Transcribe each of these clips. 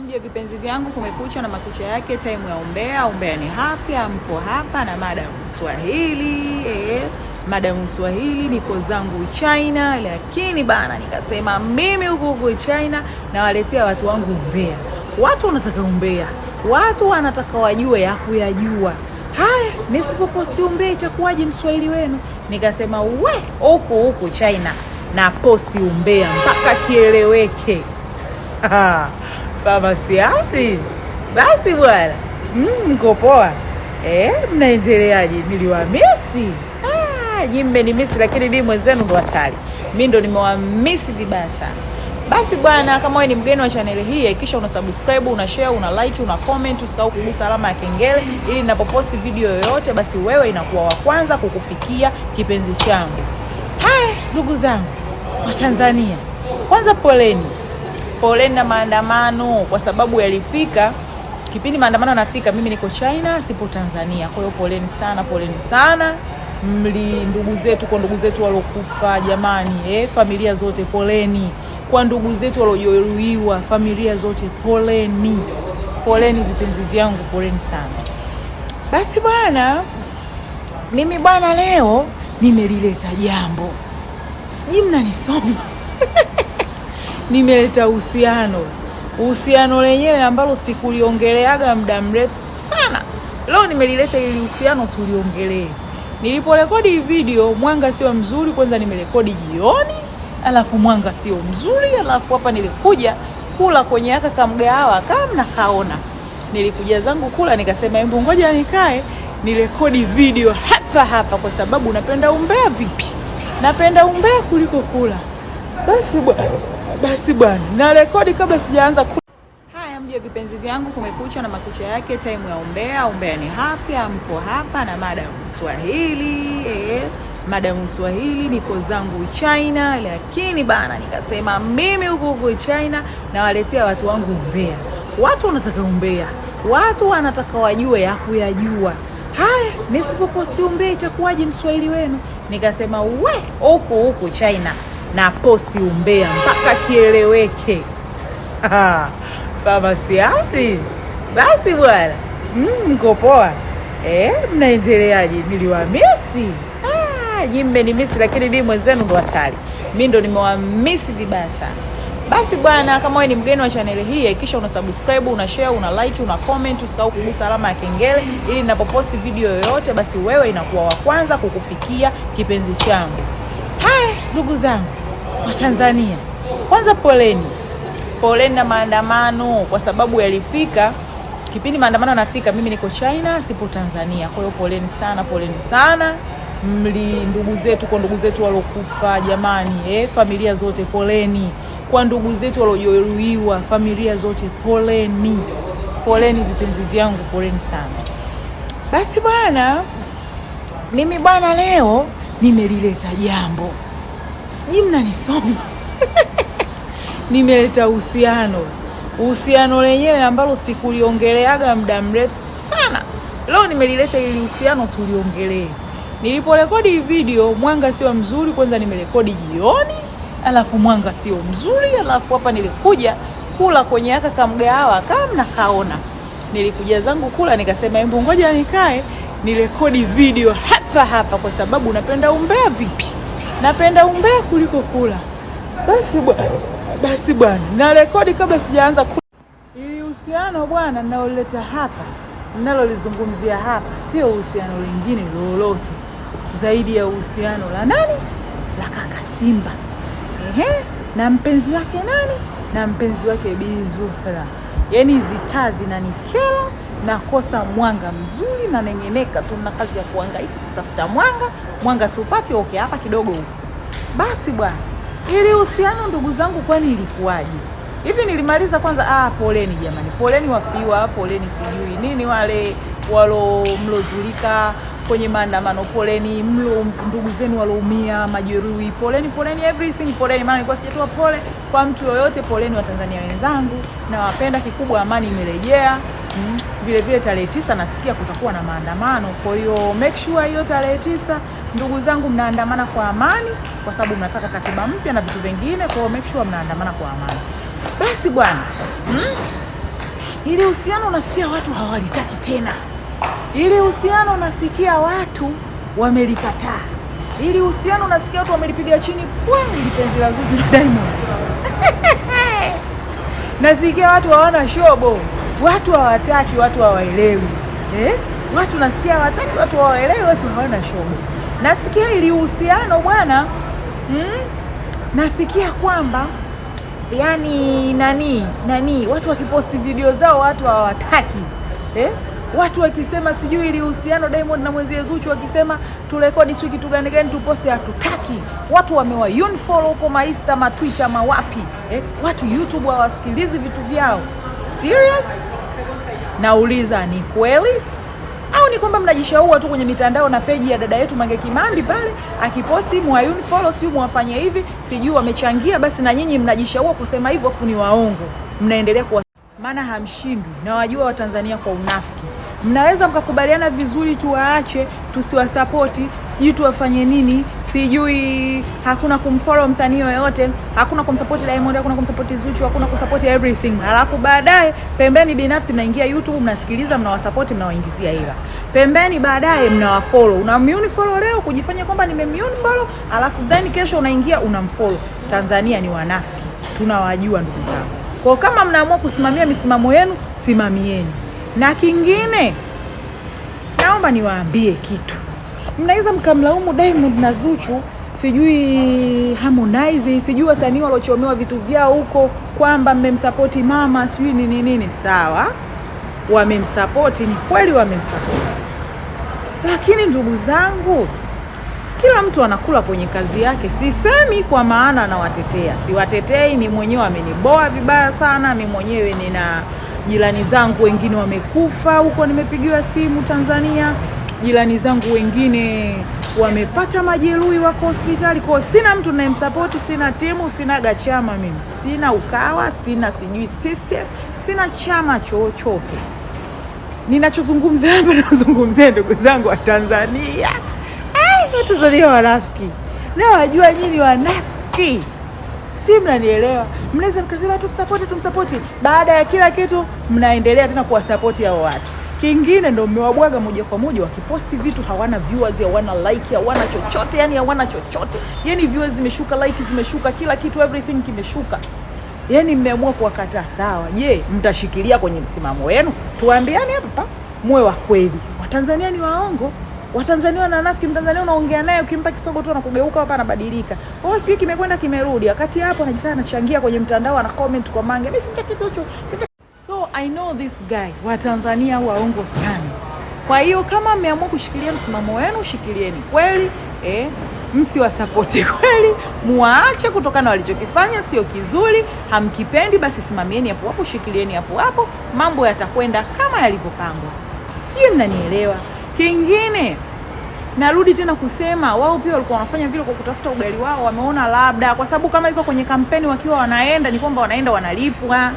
mje vipenzi vyangu, kumekucha na makucha yake, taimu ya umbea. Umbea ni afya, mko hapa na madam Swahili eh, Madam Swahili. Niko zangu China, lakini bana, nikasema mimi huko huko China nawaletea watu wangu umbea. Watu wanataka umbea, watu wanataka wajue ya kuyajua haya. Nisipoposti umbea itakuwaje mswahili wenu? Nikasema we, huku huku China na posti umbea mpaka kieleweke. Famasiafi, basi bwana, mm, mko poa? E, mnaendeleaje? Niliwamisi ah, nyi, mmenimisi lakini mii mwenzenu ndo hatari, mi ndo nimewamisi vibaya sana. Basi bwana, kama wewe ni mgeni wa chaneli hii hakikisha una subscribe, una share, una like, una comment, usahau kugusa alama ya kengele ili napoposti video yoyote basi wewe inakuwa wa kwanza kukufikia kipenzi changu. Haya ndugu zangu wa Tanzania, kwanza poleni poleni na maandamano, kwa sababu yalifika kipindi maandamano yanafika, mimi niko China, sipo Tanzania. Kwa hiyo poleni sana, poleni sana mli ndugu zetu, kwa ndugu zetu waliokufa jamani, eh, familia zote poleni. Kwa ndugu zetu waliojeruhiwa, familia zote poleni, poleni vipenzi vyangu, poleni sana. Basi bwana, mimi bwana, leo nimelileta jambo, sijui mnanisoma nimeleta uhusiano. Uhusiano lenyewe ambalo sikuliongeleaga muda mrefu sana, leo nimelileta ili uhusiano tuliongelee. Niliporekodi hii video mwanga sio mzuri, kwanza nimerekodi jioni, alafu mwanga sio mzuri, alafu hapa nilikuja kula kwenye aka kamgahawa kamna kaona, nilikuja zangu kula, nikasema hebu ngoja nikae nirekodi video hapa hapa, kwa sababu napenda umbea. Vipi, napenda umbea kuliko kula. Basi bwana. Basi bwana, na rekodi kabla sijaanza ku... Haya mje vipenzi vyangu, kumekucha na makucha yake, time ya umbea. Umbea ni afya. Mko hapa na Madam Swahili eh. Madam Swahili, niko zangu China, lakini bana, nikasema mimi huko huko China nawaletea watu wangu umbea. Watu wanataka umbea, watu wanataka wajue ya kuyajua Haya, nisipoposti umbea itakuwaje? Mswahili wenu. Nikasema we, huku huku China na posti umbea mpaka kieleweke. famasiafi basi bwana, mm, mko poa e? Mnaendeleaje? Niliwamisi ah, nyi, mmenimisi lakini mimi mwenzenu ndo hatari, mi ndo nimewamisi vibaya sana. Basi bwana, kama wewe ni mgeni wa chaneli hii hakikisha una subscribe, una share, una like, una comment, usahau kugusa alama ya kengele ili ninapoposti video yoyote basi wewe inakuwa wa kwanza kukufikia kipenzi changu. Haya ndugu zangu. Watanzania, kwanza poleni, poleni na maandamano, kwa sababu yalifika kipindi maandamano yanafika, mimi niko China, sipo Tanzania. Kwa hiyo poleni sana, poleni sana mli ndugu zetu, kwa ndugu zetu walokufa jamani, eh, familia zote poleni. Kwa ndugu zetu waliojeruhiwa, familia zote poleni, poleni vipenzi vyangu, poleni sana. Basi bwana, mimi bwana, leo nimelileta jambo Nyinyi mnanisoma nimeleta uhusiano, uhusiano lenyewe ambalo sikuliongeleaga muda mrefu sana, leo nimelileta ili uhusiano tuliongelee. Niliporekodi video mwanga sio mzuri, kwanza nimerekodi jioni, alafu mwanga sio mzuri, alafu hapa nilikuja kula kwenye aka kamgahawa kama mnakaona, nilikuja zangu kula, nikasema hebu ngoja nikae nirekodi video hapa hapa, kwa sababu napenda umbea vipi? napenda umbea kuliko kula. Basi bwana, basi bwana, na rekodi kabla sijaanza kula. Ili uhusiano bwana ninaoleta hapa, ninalolizungumzia hapa, sio uhusiano lingine lolote zaidi ya uhusiano la nani, la kaka Simba ehe, na mpenzi wake nani, na mpenzi wake Bi Zuhra. Yaani zitaa zinanikera, nakosa mwanga mzuri na nengeneka tu, na kazi ya kuangaika kutafuta mwanga, mwanga siupati. Okay, hapa kidogo huko basi bwana, ili uhusiano ndugu zangu, kwani ilikuwaje hivi? Nilimaliza kwanza. Ah, poleni jamani, poleni wafiwa, poleni sijui nini, wale walo mlozulika kwenye maandamano, poleni mlo ndugu zenu waloumia, majeruhi, poleni, poleni everything, poleni. Maana nilikuwa sijatoa pole kwa mtu yoyote. Poleni Watanzania wenzangu, nawapenda. Kikubwa amani imerejea. mm. Vile vile tarehe tisa nasikia kutakuwa na maandamano, kwa hiyo make sure hiyo tarehe tisa, ndugu zangu, mnaandamana kwa amani, kwa sababu mnataka katiba mpya na vitu vingine. Kwa hiyo make sure mnaandamana kwa amani. Basi bwana, hmm? Ile uhusiano unasikia watu hawalitaki tena, ile uhusiano unasikia watu wamelikataa, ili uhusiano unasikia watu wamelipiga chini kweli, penzi la Zuchu na Diamond nasikia watu hawana shobo watu hawataki, watu hawaelewi eh? Watu nasikia hawataki, watu hawaelewi, watu hawana shoga. Nasikia ili uhusiano bwana mm? Nasikia kwamba yani nani nani, watu wakiposti video zao watu hawataki eh? Watu wakisema sijui ili uhusiano Diamond na mwenzie Zuchu wakisema turekodi sijui kitu gani gani tuposte, hatutaki. Watu wamewa unfollow huko maista ma matwicha mawapi eh? Watu YouTube hawasikilizi vitu vyao serious Nauliza, ni kweli au ni kwamba mnajishaua tu kwenye mitandao na peji ya dada yetu Mange Kimambi pale akiposti mwayuni follow, sijui mwafanye hivi, sijui wamechangia, basi na nyinyi mnajishaua kusema hivyo, afu ni waongo, mnaendelea kuwa maana hamshindwi na wajua Watanzania kwa unafiki mnaweza mkakubaliana vizuri, tuwaache tusiwasapoti, sijui tuwafanye nini, sijui hakuna kumfollow msanii yoyote, hakuna kumsupport Diamond, hakuna kumsupport Zuchu, hakuna kusupport everything. Alafu baadaye pembeni binafsi mnaingia YouTube, mnasikiliza, mnawasupport, mnawaingizia hela. Pembeni baadaye mnawafollow. Unamfollow leo kujifanya kwamba follow, alafu then kesho unaingia unamfollow. Tanzania ni wanafiki. Tunawajua ndugu zangu. Kwa kama mnaamua kusimamia misimamo yenu, simamieni. Na kingine naomba niwaambie kitu. Mnaweza mkamlaumu Diamond na Zuchu, sijui Harmonize, sijui wasanii waliochomewa vitu vyao huko kwamba mmemsapoti mama sijui nini nini. Sawa, wamemsapoti, ni kweli wamemsapoti, lakini ndugu zangu, kila mtu anakula kwenye kazi yake. Sisemi kwa maana anawatetea siwatetei. Mi mwenyewe ameniboa vibaya sana, mi mwenyewe nina jirani zangu wengine wamekufa huko, nimepigiwa simu Tanzania jirani zangu wengine wamepata majeruhi, wako hospitali kwao. Sina mtu nayemsapoti sina timu, sina Gachama, mimi sina Ukawa, sina sijui CCM, sina chama chochote. Ninachozungumza hapa, nazungumzia ndugu zangu wa Tanzania, Watanzania warafiki, na wajua nyinyi wanafiki, si mnanielewa? Mnaweza mkasema tumsapoti, tumsapoti, baada ya kila kitu mnaendelea tena kuwasapoti hao watu. Kingine ndo mmewabwaga moja kwa moja, wakiposti vitu hawana viewers, hawana like, hawana chochote, yani hawana chochote, yani viewers zimeshuka, like zimeshuka, kila kitu everything kimeshuka, yani mmeamua kuwakataa. Sawa, je, mtashikilia kwenye msimamo wenu? Tuambiani hapa, muwe wa kweli. Watanzania ni waongo Watanzania wananafiki. Mtanzania unaongea naye ukimpa kisogo tu anakugeuka hapa, anabadilika. Oh, sijui kimekwenda kimerudi, wakati hapo anajifanya anachangia kwenye mtandao, ana comment kwa mange. Mimi simtaki kitu hicho. I know this guy. Watanzania waongo sana. Kwa hiyo kama mmeamua kushikilia msimamo wenu, shikilieni kweli eh, msiwasapoti kweli, muwaache kutokana na walichokifanya, sio kizuri, hamkipendi, basi simamieni hapo hapo, shikilieni hapo hapo, mambo yatakwenda kama yalivyopangwa. Sijui mnanielewa. Kingine narudi tena kusema wao pia walikuwa wanafanya vile kwa kutafuta ugali wao, wameona labda kwa sababu kama hizo kwenye kampeni wakiwa wanaenda ni kwamba wanaenda wanalipwa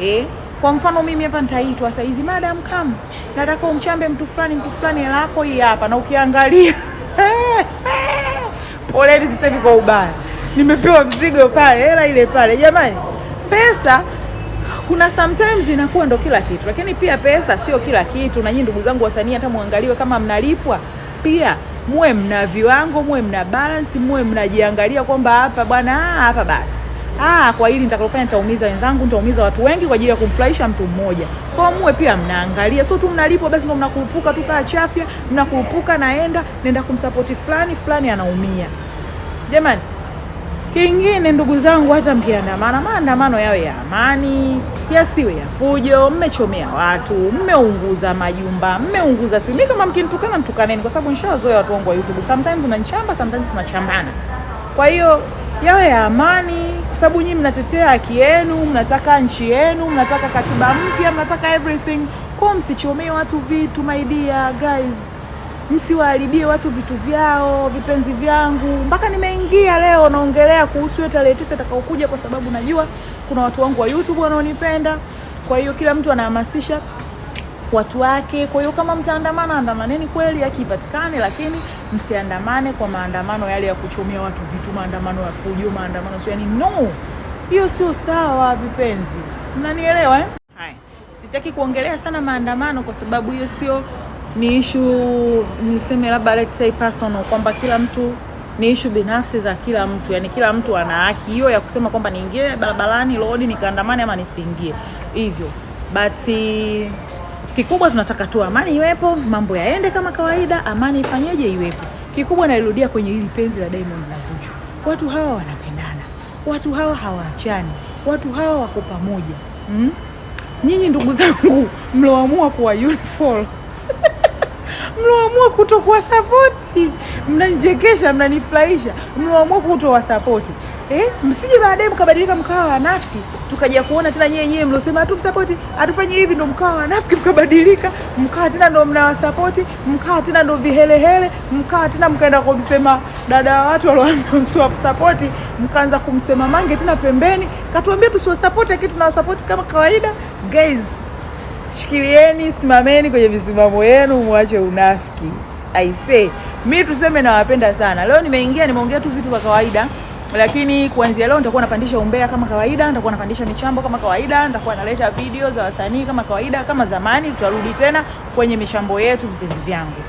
eh. Kwa mfano mimi hapa nitaitwa sasa hizi, madam kam, nataka umchambe mtu fulani mtu fulani, hela yako hii hapa, na ukiangalia poleni sasa kwa ubaya, nimepewa mzigo pale, hela ile pale. Jamani, pesa kuna sometimes inakuwa ndo kila kitu, lakini pia pesa sio kila kitu. Na nyinyi ndugu zangu wasanii, hata muangaliwe kama mnalipwa pia muwe mna viwango, muwe mna balance, muwe mnajiangalia kwamba hapa bwana, hapa basi ah, kwa hili nitakalofanya nitaumiza wenzangu, nitaumiza watu wengi kwa ajili ya kumfurahisha mtu mmoja. Kwa muwe pia mnaangalia, sio tu mnalipwa basi ndio mnakurupuka tu kaa chafya, mnakurupuka naenda nenda kumsapoti fulani fulani, anaumia jamani. Kingine ndugu zangu, hata mkiandamana, maandamano yawe ya amani, yasiwe ya fujo. Mmechomea watu, mmeunguza majumba, mmeunguza si kama mkinitukana, mtukaneni, kwa sababu nishawazoea watu wangu wa YouTube. Sometimes unanichamba, sometimes tunachambana. Kwa hiyo yawe ya amani kwa sababu nyinyi mnatetea haki yenu, mnataka nchi yenu, mnataka katiba mpya, mnataka everything. Kwa msichomee watu vitu, my dear guys, msiwaharibie watu vitu vyao. Vipenzi vyangu, mpaka nimeingia leo naongelea kuhusu hiyo tarehe tisa itakaokuja, kwa sababu najua kuna watu wangu wa YouTube wanaonipenda. Kwa hiyo kila mtu anahamasisha watu wake. Kwa hiyo kama mtaandamana, andamaneni kweli, akipatikane, lakini msiandamane kwa maandamano yale ya kuchomea watu vitu, maandamano ya fujo, maandamano sio, yani no, hiyo sio sawa, vipenzi, mnanielewa eh? Hai, sitaki kuongelea sana maandamano kwa sababu hiyo sio ni issue, niseme labda let's say personal, kwamba kila mtu ni ishu binafsi za kila mtu, yani kila mtu ana haki hiyo ya kusema kwamba niingie barabarani lodi nikaandamane ama nisiingie hivyo but Kikubwa tunataka tu amani iwepo, mambo yaende kama kawaida, amani ifanyeje iwepo. Kikubwa nairudia kwenye hili penzi la Diamond na Zuchu, watu hawa wanapendana, watu hawa hawaachani, watu hawa wako pamoja mm? Nyinyi ndugu zangu mloamua kuwa youthful mloamua kutokuwa sapoti, mnanichekesha, mnanifurahisha, mloamua sapoti eh, msije baadaye mkabadilika mkawa wanafiki, tukaja kuona tena nyewe nyewe mliosema hatumsapoti atufanye hivi, ndo mkawa wanafiki mkabadilika, mkawa tena ndo mnawasapoti, mkawa tena ndo vihelehele, mkawa tena mkaenda kumsema dada wa watu waliowasapoti, mkaanza kumsema Mange tena pembeni, katuambia tusiwasapoti, lakini tunawasapoti kama kawaida. Guys, shikilieni, simameni kwenye visimamo yenu, mwache unafiki. I say mi tuseme nawapenda sana. Leo nimeingia nimeongea tu vitu vya kawaida lakini kuanzia leo nitakuwa napandisha umbea kama kawaida, nitakuwa napandisha michambo kama kawaida, nitakuwa naleta video za wasanii kama kawaida. Kama zamani, tutarudi tena kwenye michambo yetu, vipenzi vyangu.